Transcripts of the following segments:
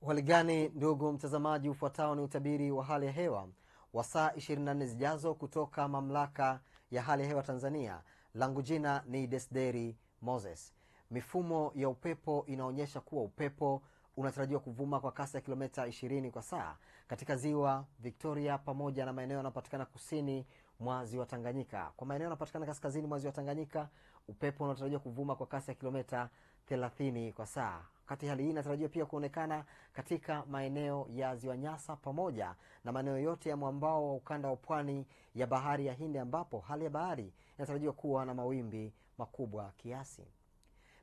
Uhaligani ndugu mtazamaji, ufuatao ni utabiri wa hali ya hewa wa saa 24 zijazo kutoka mamlaka ya hali ya hewa Tanzania. Langu jina ni desderi Moses. Mifumo ya upepo inaonyesha kuwa upepo unatarajiwa kuvuma kwa kasi ya kilometa 20 kwa saa katika ziwa Victoria pamoja na maeneo yanayopatikana kusini mwa ziwa Tanganyika. Kwa maeneo yanapatikana kaskazini mwa ziwa Tanganyika, upepo unatarajiwa kuvuma kwa kasi ya kilomita 30 kwa saa. Wakati hali hii inatarajiwa pia kuonekana katika maeneo ya ziwa Nyasa pamoja na maeneo yote ya mwambao wa ukanda wa pwani ya bahari ya Hindi, ambapo hali ya bahari inatarajiwa kuwa na mawimbi makubwa kiasi.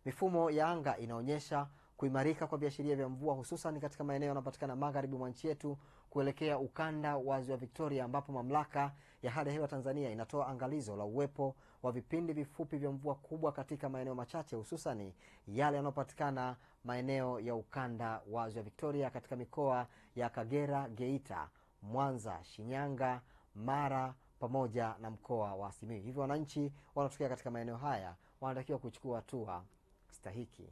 Mifumo ya anga inaonyesha Kuimarika kwa viashiria vya mvua hususan katika maeneo yanayopatikana magharibi mwa nchi yetu kuelekea ukanda wa ziwa Victoria, ambapo mamlaka ya hali ya hewa Tanzania inatoa angalizo la uwepo wa vipindi vifupi vya mvua kubwa katika maeneo machache hususani yale yanayopatikana maeneo ya ukanda wa ziwa Victoria katika mikoa ya Kagera, Geita, Mwanza, Shinyanga, Mara pamoja na mkoa wa Simiyu. Hivyo wananchi wanaotokea katika maeneo haya wanatakiwa kuchukua hatua stahiki.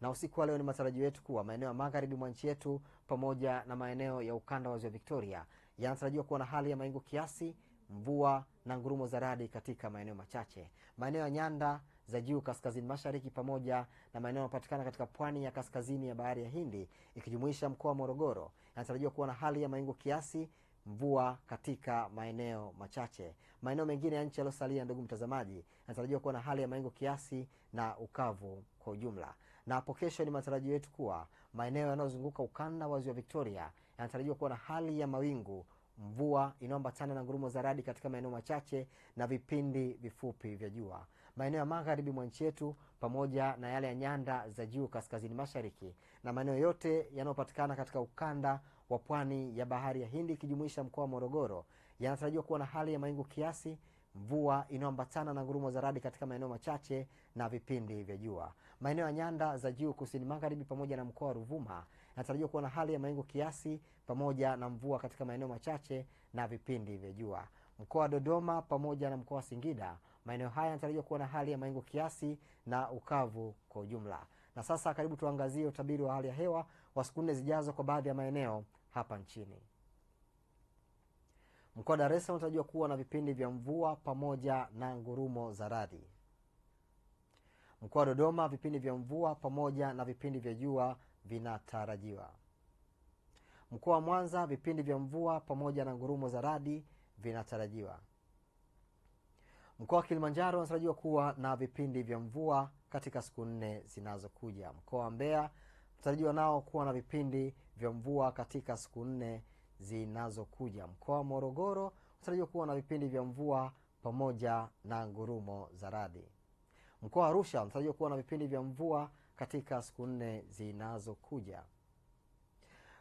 Na usiku wa leo ni matarajio yetu kuwa maeneo ya magharibi mwa nchi yetu pamoja na maeneo ya ukanda wa ziwa Victoria yanatarajiwa kuwa na hali ya mawingu kiasi, mvua na ngurumo za radi katika maeneo machache. Maeneo ya nyanda za juu kaskazini mashariki pamoja na maeneo yanayopatikana katika pwani ya kaskazini ya bahari ya Hindi ikijumuisha mkoa wa Morogoro yanatarajiwa kuwa na hali ya mawingu kiasi mvua katika maeneo machache. Maeneo mengine ya nchi yaliyosalia, ndugu mtazamaji, yanatarajiwa kuwa na hali ya mawingu kiasi na ukavu kwa ujumla na hapo kesho ni matarajio yetu kuwa maeneo yanayozunguka ukanda wa ziwa Victoria yanatarajiwa kuwa na hali ya mawingu, mvua inayoambatana na ngurumo za radi katika maeneo machache na vipindi vifupi vya jua. Maeneo ya magharibi mwa nchi yetu pamoja na yale ya nyanda za juu kaskazini mashariki na maeneo yote yanayopatikana katika ukanda wa pwani ya bahari ya Hindi ikijumuisha mkoa wa Morogoro yanatarajiwa kuwa na hali ya mawingu kiasi mvua inayoambatana na ngurumo za radi katika maeneo machache na vipindi vya jua. Maeneo ya nyanda za juu kusini magharibi pamoja na mkoa wa Ruvuma yanatarajiwa kuwa na hali ya mawingu kiasi pamoja na mvua katika maeneo machache na vipindi vya jua. Mkoa wa Dodoma pamoja na mkoa wa Singida, maeneo haya yanatarajiwa kuwa na hali ya mawingu kiasi na ukavu kwa ujumla. Na sasa karibu tuangazie utabiri wa hali ya hewa wa siku nne zijazo kwa baadhi ya maeneo hapa nchini. Mkoa wa Dar es Salaam unatarajiwa kuwa na vipindi vya mvua pamoja na ngurumo za radi. Mkoa wa Dodoma, vipindi vya mvua pamoja na vipindi vya jua vinatarajiwa. Mkoa wa Mwanza, vipindi vya mvua pamoja na ngurumo za radi vinatarajiwa. Mkoa wa Kilimanjaro unatarajiwa kuwa na vipindi vya mvua katika siku nne zinazokuja. Mkoa wa Mbeya unatarajiwa nao kuwa na vipindi vya mvua katika siku nne zinazokuja. Mkoa wa Morogoro unatarajiwa kuwa na vipindi vya mvua pamoja na ngurumo za radi. Mkoa wa Arusha unatarajiwa kuwa na vipindi vya mvua katika siku nne zinazokuja.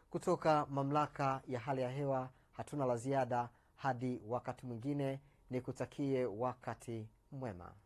Kutoka mamlaka ya hali ya hewa hatuna la ziada hadi wakati mwingine, ni kutakie wakati mwema.